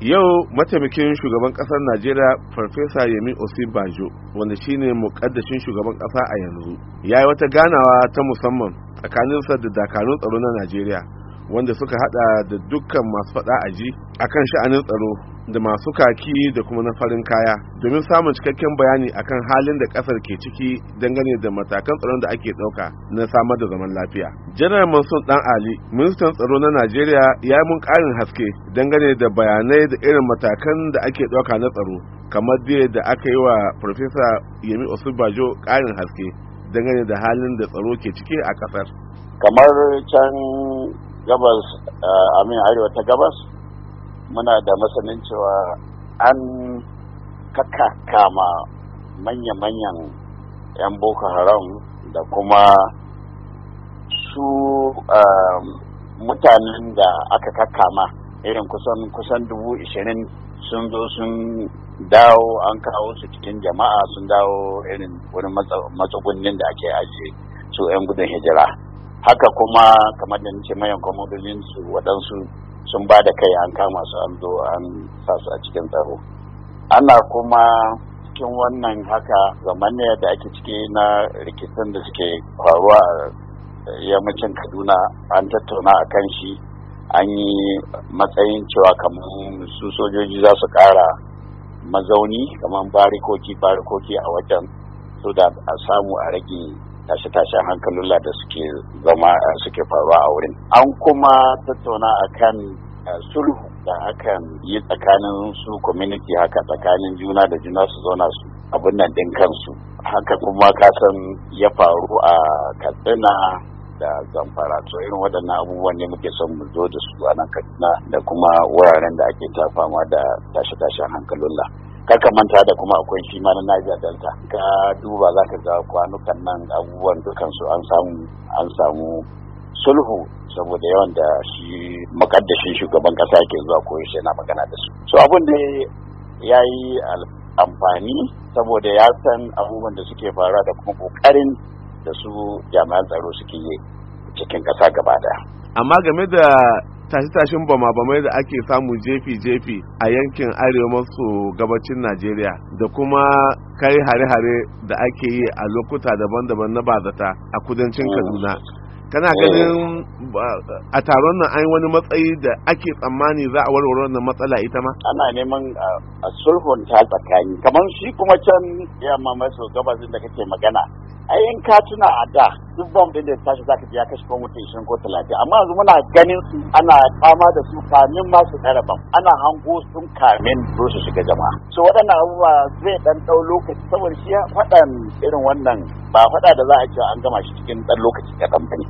yau mataimakin shugaban kasar najeriya farfesa yemi osinbajo wanda shine mukaddashin shugaban kasa a yanzu ya yi wata ganawa ta musamman tsakaninsa da dakarun tsaro na najeriya wanda suka hada da dukkan masu fada aji akan sha'anin tsaro da masu kaki da kuma na farin kaya domin samun cikakken bayani akan halin da kasar ke ciki dangane da matakan tsaron da ake ɗauka na samar da zaman lafiya. Janar Mansur Dan Ali, ministan tsaro na Najeriya ya yi mun ƙarin haske dangane da bayanai da irin matakan da ake ɗauka na tsaro kamar da aka yi wa Profesa Yemi Osubajo ƙarin haske dangane da halin da tsaro ke ciki a ƙasar. Kamar can gabas, eh, amin arewa ta gabas, muna da masanin cewa an kama manya-manyan 'yan boko haram da kuma su um, mutanen da aka kakama irin kusan kusan dubu ishirin sun zo sun dawo an kawo su cikin jama'a sun dawo irin wani matsugunnin da ake ajiye su 'yan gudun hijira haka kuma kamar da nace mayan kwamodolin su waɗansu sun ba da kai an kama su an zo an sa su a cikin tsaro ana kuma cikin wannan haka zamaniya da ake ciki na rikicin da suke faruwa a yammacin kaduna an tattauna a kan shi an yi matsayin cewa kamar su sojoji za su kara mazauni kamar barikoki barikoki a wajen so da a samu a rage tashe-tashen hankalin da suke zama eh, suke faruwa a wurin an kuma tattauna akan eh, sulhu da akan yi tsakanin su community haka tsakanin juna da juna su zauna su abin nan din kansu haka kuma san ya faru a katsina da zamfara to irin waɗannan abubuwan ne muke son mu zo da su a nan katsina da kuma wuraren da ake ta fama da tashe-tashen hankalin kaka manta da kuma akwai shi ma na Niger Delta ka duba zaka ga kwanukan nan abubuwan dukan su an samu an samu sulhu saboda yawan da shi makaddashin shugaban kasa ke zuwa koyi sai na magana da su so abun da ya yi amfani saboda ya san abubuwan da suke fara da kuma kokarin da su jami'an tsaro suke yi cikin kasa gaba daya amma game da tashe-tashen bama-bamai da ake samu jefi-jefi a yankin arewa maso gabacin najeriya da kuma kai hare-hare da ake yi a lokuta daban-daban na bazata a kudancin mm. kaduna kana ganin mm. a taron nan an wani matsayi da ake tsammani za a warware wannan matsala ita ma ana neman a sulhun ta tsakani kamar shi kuma can yamma maso gabasin da kake magana ayin katuna a da duk bom din da ya tashi zaka ji ya kashe mutum ishirin ko talatin amma yanzu muna ganin su ana kama da su kamin ma su tsara ana hango sun kamin su su shiga jama'a so waɗannan abubuwa zai ɗan ɗau lokaci saboda shi faɗan irin wannan ba faɗa da za a ce an gama shi cikin ɗan lokaci kaɗan ba ne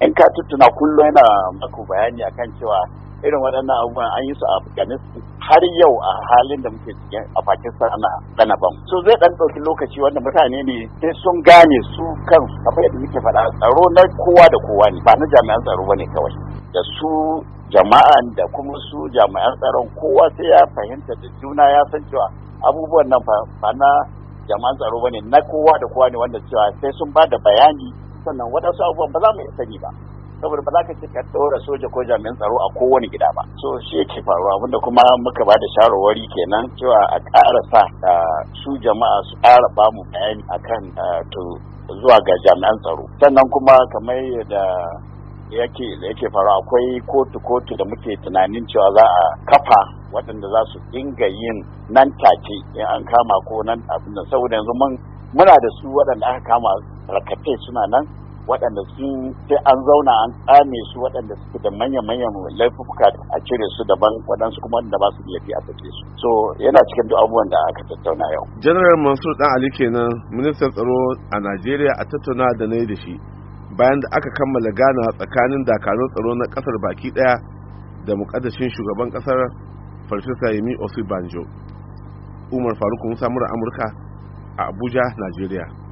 in ka tuttuna kullum yana maku bayani akan cewa irin waɗannan abubuwan an yi su a afghanistan har yau a halin da muke ciki a pakistan ana gana ban so zai ɗan ɗauki lokaci wanda mutane ne sai sun gane su kan kamar yadda muke faɗa tsaro na kowa da kowa ne ba na jami'an tsaro ba ne kawai da su jama'an da kuma su jami'an tsaron kowa sai ya fahimta da juna ya san cewa abubuwan nan fa na jama'an tsaro ba ne na kowa da kowa ne wanda cewa sai sun ba da bayani sannan waɗansu abubuwan ba za mu sani ba saboda ba za ka ce ka ɗora soja ko jami'an tsaro a kowane gida ba so shi yake faruwa abinda kuma muka ba da shawarwari kenan cewa a ƙara sa su jama'a su ƙara ba mu bayani akan to zuwa ga jami'an tsaro sannan kuma kamar yadda yake da yake faru akwai kotu kotu da muke tunanin cewa za a kafa waɗanda za su dinga yin nan take in an kama ko nan abin saboda yanzu mun muna da su waɗanda aka kama rakate suna nan waɗanda sun sai an zauna an tsame su waɗanda suke da manya-manyan laifuka a cire su daban waɗansu kuma waɗanda ba su da a sake su so yana cikin duk abubuwan da aka tattauna yau general mansur dan ali kenan ministan tsaro a najeriya a tattauna da na da shi bayan da aka kammala gana tsakanin dakarun tsaro na kasar baki daya da mukaddashin shugaban ƙasar farfesa yemi osibanjo umar faruk musa amurka a abuja najeriya